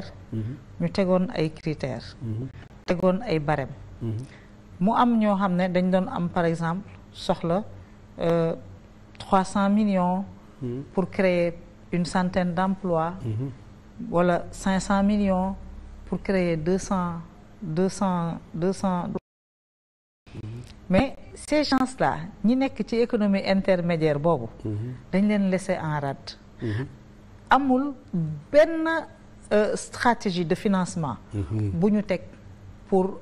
Mm-hmm. ñu tegoon ay critères mm-hmm. tegoon ay barème mm-hmm. mu am ñoo xam ne dañ doon am par exemple soxla euh, trois cent millions pour créer une centaine d'emplois wala cinq cent millions pour créer deux cent deux cent deux cent mais ces gens-là ñi nekk ci économie intermédiaire boobu dañ leen laisser en rade amul benn Euh, stratégie de financement mhm. bu ñu teg pour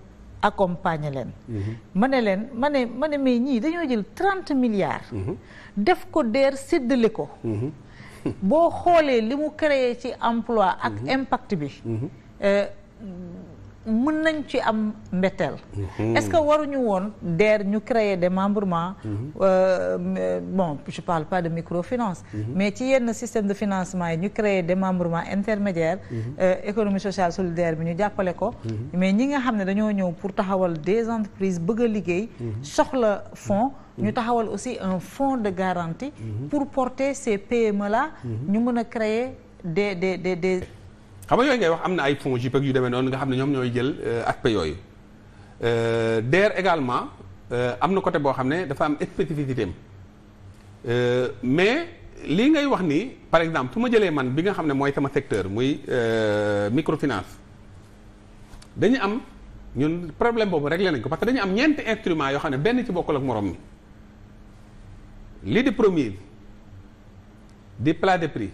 accompagner leen mhm. ma leen ma ne ma ne ñii dañoo jël trente milliards mhm. def ko deer séddale ko boo xoolee li mu créé ci emploi ak impact bi euh, mën nañ ci am mbetteel. Mhm. est-ce que waruñu woon DER ñu créer des membrements. Mhm. Euh, bon je parle pas de microfinance. Mhm. mais ci yenn système de financement yi ñu créer de membrements intermédiaires. Euh, économie sociale solidaire bi ñu jàppale ko. mais ñi nga xam ne dañoo ñëw pour taxawal des entreprises bëgg a liggéey. soxla fonds. ñu taxawal aussi un fonds de garantie. pour porter ces PME là. ñu mën a créer des des des des. xam nga yooyu ngay wax am na ay fonds JPEG yu demee noonu nga xam ne ñoom ñooy jël euh, aspect yooyu euh, DER également euh, am na côté boo xam ne dafa am spécificité am mais lii ngay wax ni par exemple su ma jëlee man bi nga xam ne mooy sama secteur muy microfinance dañu am ñun problème boobu réglé nañ ko parce que dañu am ñeenti instrument yoo xam ne benn ci bokkul ak morom mi lii di Promise di plat de prix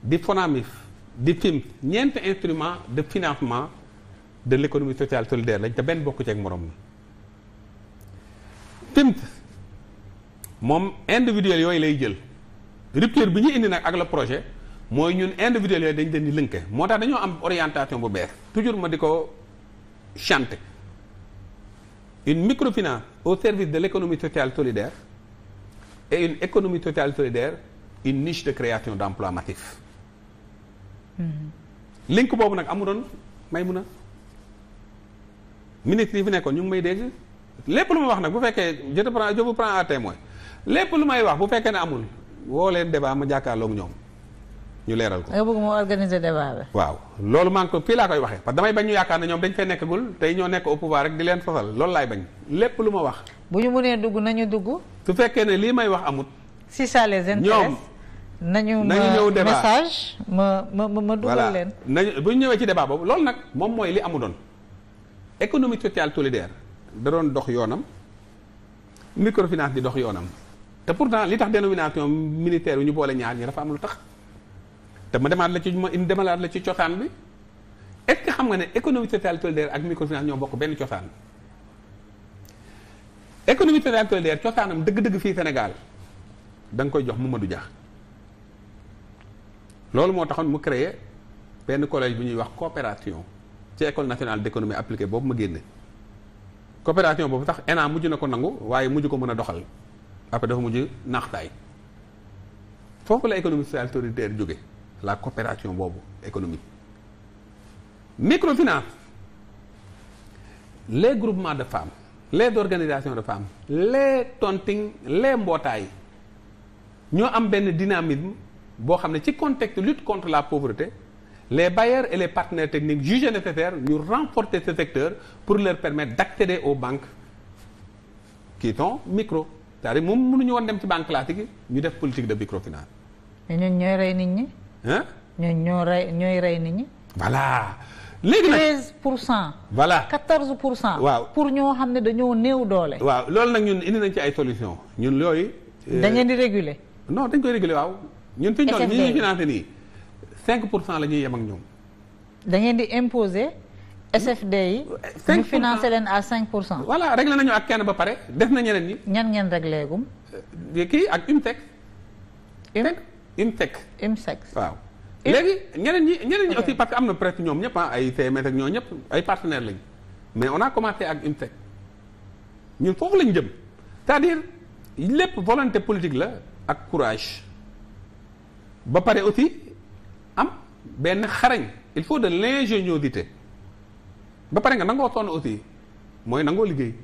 di Fonamif di PIMS ñeenti instrument de financement de léconomie économie sociale solidaire lañ te benn bokku ci ak morom la PIMS moom individuel yooyu lay jël rupture bi ñu indi nag ak le projet mooy ñun individuel yooyu dañ leen di lënke moo tax dañoo am orientation bu bees toujours ma di ko chanter une microfinance au service de léconomie sociale solidaire et une économie sociale solidaire une niche de création d' emploi massif link boobu nag doon may mun a ministre yi fi nekkoon ñu ngi may dégg lépp lu ma wax nag bu fekkee je te prends je vous prends à lépp lu may wax bu fekkee ne amul woo leen débat ma jàkkaarloog ñoom ñu leeral ko. nga bëgg moo organiser débat bi. waaw loolu maa ngi ko fii laa koy waxee parce damay bañ ñu yaakaar na ñoom dañ fee nekkagul tey ñoo nekk au pouvoir rek di leen sosal loolu laay bañ lépp lu ma wax. bu ñu mënee dugg nañu dugg. su fekkee ne lii may wax amut. si les intéresse ñoom nañu ma ñëw débat message ma ma ma dugal leen. nañu bu ñëwee ci débat boobu loolu nag moom mooy li amu doon économie sociale solidaire da doon dox yoonam microfinance di dox yoonam te pourtant li tax dénomination militaire yu ñu boole ñaar ñi dafa am lu tax te ma demaat la ci ma demalaat la ci cosaan bi est xam nga ne économie sociale solidaire ak microfinance ñoo bokk benn cosaan économie sociale solidaire cosaanam dëgg-dëgg fii Sénégal danga koy jox Mamadou Dia. loolu moo taxoon mu créer benn collège bu ñuy wax coopération ci école nationale d'économie appliquée boobu ma génne coopération boobu tax ENA mujj na ko nangu waaye mujj ko mën a doxal après dafa mujj naaxtaay foofu la économie sociale solidaire jóge la coopération boobu économie microfinance les groupement de femmes les organisations de femmes les tontines les mbootaay ñoo am benn dynamisme boo xam ne ci contexte lutte contre la pauvreté les bailleurs et les partenaires techniques jugés nécessaires ñu renforcer ce secteur pour leur permettre d'accéder aux banques qui ton micro c'est-à-dire moom mënuñu woon dem ci banque classique yi ñu def politique de microfinance. mais ñooñu ñooy rey nit ñi. ah ñu ñoo rey ñooy rey nit ñi. voilà. léegi nag 13 pour cent. voilà 14 pour cent. waaw pour ñoo xam ne dañoo néew doole. waaw loolu nag ñun indi nañ ci ay solution ñun yooyu. dañ leen euh, di réguler. non dañ koy réguler waaw. ñun fi ñu toll ñi ñuy financé nii 5 pour cent la ñuy yem ak ñoom. da ngeen di imposer. SFD yi. 5 ñu financé leen à 5 pour cent. voilà réglé nañu ak kenn ba pare def na ñeneen ñi. ñan ngeen réglé gum. Euh, kii ak UMTEC. UMTEC UMTEC. waaw léegi ñeneen ñi ñeneen ñi aussi parce que am na presque ñoom ñëpp ah, ay TMS ak ñoo ñëpp ay partenaires mais on a commencé ak UMTEC ñun foofu lañ jëm c'est-à-dire lépp volonté politique la ak courage. ba pare aussi am benn xarañ il faut de l'ingéniosité ba pare nga nangoo sonn aussi mooy nangoo liggéey.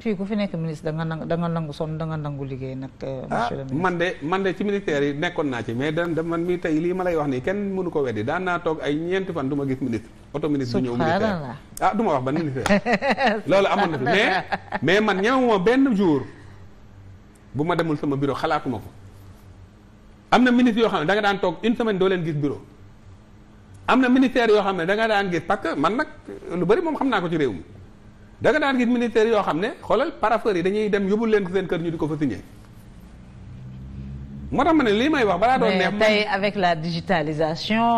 fii ku fi nekk ministre da nga nangu da nga nangu sonn da nga nangu liggéey nag. Euh, ah, monsieur man de man de ci ministère yi nekkoon naa ci mais da man mii tey lii ma lay wax nii kenn mënu ko weddi daan naa ay ñeenti fan du ma gis ministre. oto ministre du ñëw ministère ah du ma wax ban ministère. loolu amoon na fi mais mais man ñëwuma benn jour bu ma demul sama biro xalaatuma ko. am na ministre yoo xam ne da nga daan toog une semaine doo leen gis bureau am na ministère yoo xam ne danga nga daan gis parce que man nag lu bari moom xam naa ko ci réew mi da nga daan gis ministère yoo xam ne xoolal parapheur yi dañuy dem yóbbul leen seen kër ñu di ko fa signé. moo tax ma ne lii may wax balaa doon neex. mais tey avec la digitalisation.